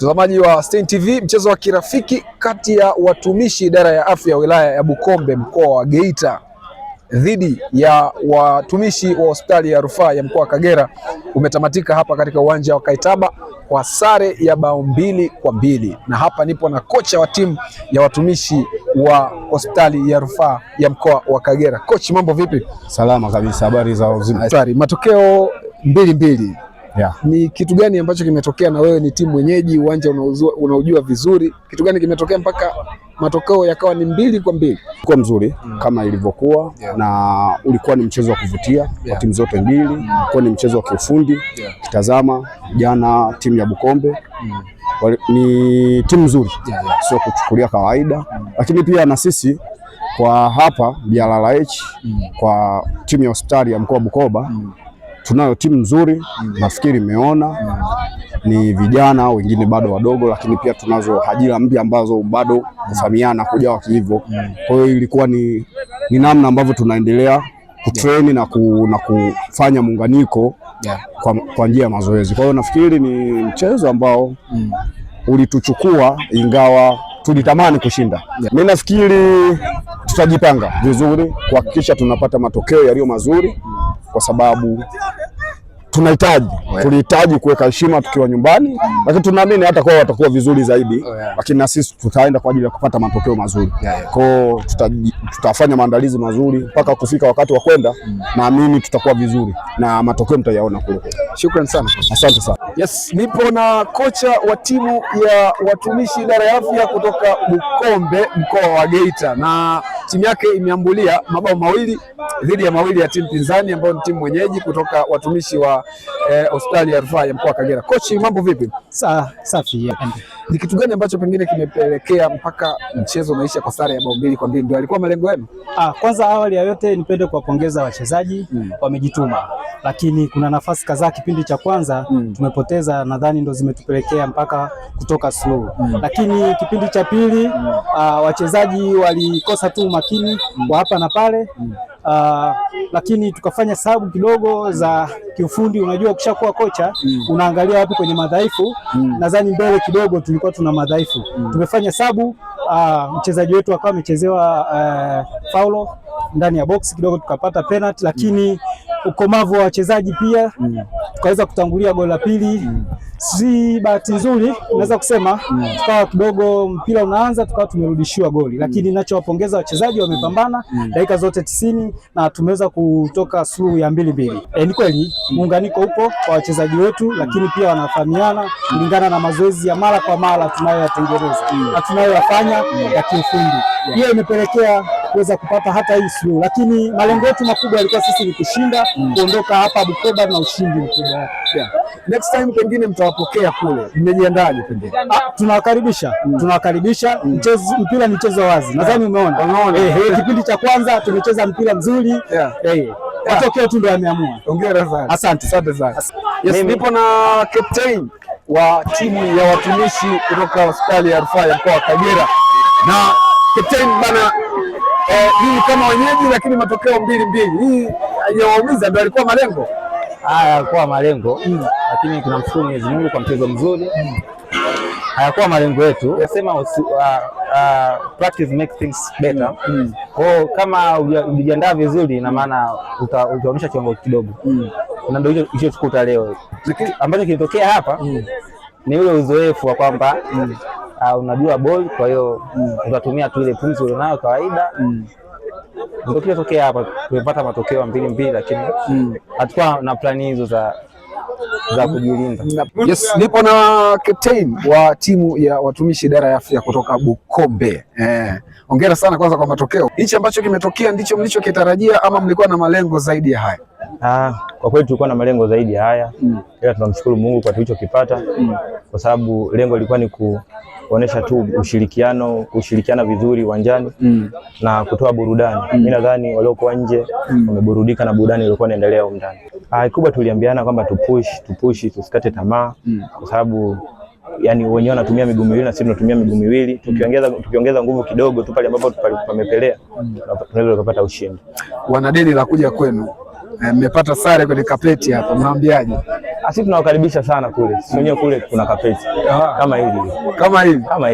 Mtazamaji wa Stein TV, mchezo wa kirafiki kati ya watumishi idara ya afya ya wilaya ya Bukombe mkoa wa Geita dhidi ya watumishi wa hospitali ya rufaa ya mkoa wa Kagera umetamatika hapa katika uwanja wa Kaitaba kwa sare ya bao mbili kwa mbili, na hapa nipo na kocha wa timu ya watumishi wa hospitali ya rufaa ya mkoa wa Kagera. Kochi, mambo vipi? Salama kabisa, habari za uzima. Matokeo mbili mbili yeah. Ni kitu gani ambacho kimetokea, na wewe ni timu mwenyeji, uwanja unaujua vizuri, kitu gani kimetokea mpaka matokeo yakawa ni mbili kwa mbili? Kwa mzuri mm. kama ilivyokuwa yeah. na ulikuwa ni mchezo wa kuvutia yeah. kwa timu zote mbili mm. kwa ni mchezo wa kiufundi yeah. kitazama jana timu ya Bukombe mm. ni timu nzuri yeah, yeah. sio kuchukulia kawaida mm. lakini pia na sisi kwa hapa BRLH mm. kwa timu ya hospitali ya mkoa wa Bukoba mm. Tunayo timu nzuri, nafikiri imeona ni vijana wengine bado wadogo, lakini pia tunazo ajira mpya ambazo bado kufahamiana kuja hivyo. Kwa hiyo ilikuwa ni, ni namna ambavyo tunaendelea kutreni na, ku, na kufanya muunganiko kwa, kwa njia ya mazoezi. Kwa hiyo nafikiri ni mchezo ambao ulituchukua ingawa tulitamani kushinda yeah. Mimi nafikiri tutajipanga vizuri kuhakikisha tunapata matokeo yaliyo mazuri, kwa sababu tunahitaji oh, tulihitaji kuweka heshima tukiwa nyumbani, mm. lakini tunaamini hata kwao watakuwa vizuri zaidi, oh, lakini na sisi tutaenda kwa ajili ya kupata matokeo mazuri kwao. Tuta, tutafanya maandalizi mazuri mpaka kufika wakati wa kwenda mm. Naamini tutakuwa vizuri na matokeo mtayaona kule. Shukrani sana, asante sana. Yes, nipo na kocha wa timu ya watumishi idara ya afya kutoka Bukombe mkoa wa Geita na timu yake imeambulia mabao mawili dhidi ya mawili ya timu pinzani ambayo ni timu mwenyeji kutoka watumishi wa eh, hospitali eh, ya rufaa ya mkoa wa Kagera. Kochi, mambo vipi? Sa, safi. Ni kitu gani ambacho pengine kimepelekea mpaka mchezo unaisha kwa sare ya bao mbili kwa mbili? Ndio alikuwa malengo yenu? Ah, kwanza awali ya yote nipende kuwapongeza wachezaji hmm. Wamejituma lakini kuna nafasi kadhaa kipindi cha kwanza mm. tumepoteza, nadhani ndo zimetupelekea mpaka kutoka slow mm. lakini kipindi cha pili mm. uh, wachezaji walikosa tu umakini mm. wa hapa na pale mm. Uh, lakini tukafanya sababu kidogo za kiufundi. Unajua, ukishakuwa kocha mm. unaangalia wapi kwenye madhaifu mm. nadhani mbele kidogo tulikuwa tuna madhaifu mm. tumefanya sabu uh, mchezaji wetu akawa amechezewa uh, faulo ndani ya box kidogo, tukapata penalty, lakini mm ukomavu wa wachezaji pia mm. tukaweza kutangulia goli la pili mm. si bahati nzuri naweza kusema mm. tukawa kidogo mpira unaanza tukawa tumerudishiwa goli, lakini mm. ninachowapongeza wachezaji wamepambana mm. mm. dakika zote tisini na tumeweza kutoka suluhu ya mbili mbili. E, ni kweli mm. muunganiko mm. upo kwa wachezaji wetu, lakini pia wanafahamiana kulingana na mazoezi ya mara kwa mara tunayoyatengeneza na tunayoyafanya mm. ya kiufundi hiyo yeah. imepelekea kuweza kupata hata hii suluhu, lakini malengo yetu makubwa yalikuwa sisi ni kushinda, mm. kuondoka hapa Bukoba na ushindi mkubwa yeah. Next time pengine mtawapokea kule, mmejiandaje? Pengine ah, tunawakaribisha mm. tunawakaribisha mm. mpira ni mchezo wazi, nadhani umeona eh, eh, kipindi cha kwanza tumecheza mpira mzuri yeah. eh, matokeo tu ndio yameamua. Hongera sana, asante sana yes. Nipo na captain wa timu ya watumishi kutoka hospitali ya rufaa ya mkoa wa Kagera na captain bana Eh, mimi kama wenyeji, lakini matokeo mbili mbili. Hii haijawaumiza, ndio alikuwa malengo haya, alikuwa malengo mm. Lakini tunamshukuru Mwenyezi Mungu kwa mchezo mzuri mm. Hayakuwa malengo yetu, nasema uh, uh, practice makes things better mm. kama ujiandaa vizuri, ina hmm. maana utaonyesha kiwango kidogo mm. Na ndio hicho tukuta leo ambacho kilitokea hapa mm. Ni ule uzoefu wa kwamba mm uh, unajua ball, kwa hiyo mm. utatumia tu ile pumzi ulionayo kawaida mm. Ndio kile tokea hapa tumepata matokeo mbili mbili, lakini mm. hatukuwa na plani hizo za za kujilinda. Yes, nipo na captain wa timu ya watumishi idara ya afya kutoka Bukombe. Eh, hongera sana kwanza kwa matokeo. Hichi ambacho kimetokea ndicho mlichokitarajia ama mlikuwa na malengo zaidi ya haya? Ah, kwa kweli tulikuwa na malengo zaidi ya haya mm. Ila tunamshukuru Mungu kwa tulichokipata mm. Kwa sababu lengo lilikuwa ni kuonesha tu ushirikiano, kushirikiana vizuri uwanjani mm. na kutoa burudani mm. Mimi nadhani waliokuwa nje mm. wameburudika mm. na burudani iliyokuwa inaendelea huko ndani. Ah, kubwa tuliambiana kwamba tupush, tupush, tusikate tamaa mm. kwa sababu yani wenyewe wanatumia miguu miwili na sisi tunatumia miguu miwili mm. tukiongeza, tukiongeza nguvu kidogo tu pale ambapo pamepelea mm. kupata ushindi. Wana deni la kuja kwenu, eh, mmepata sare kwenye kapeti hapa, mnaambiaje? Ah, sisi tunawakaribisha sana kule, sio wenyewe kule kuna kapeti ah. kama hili kama hili kama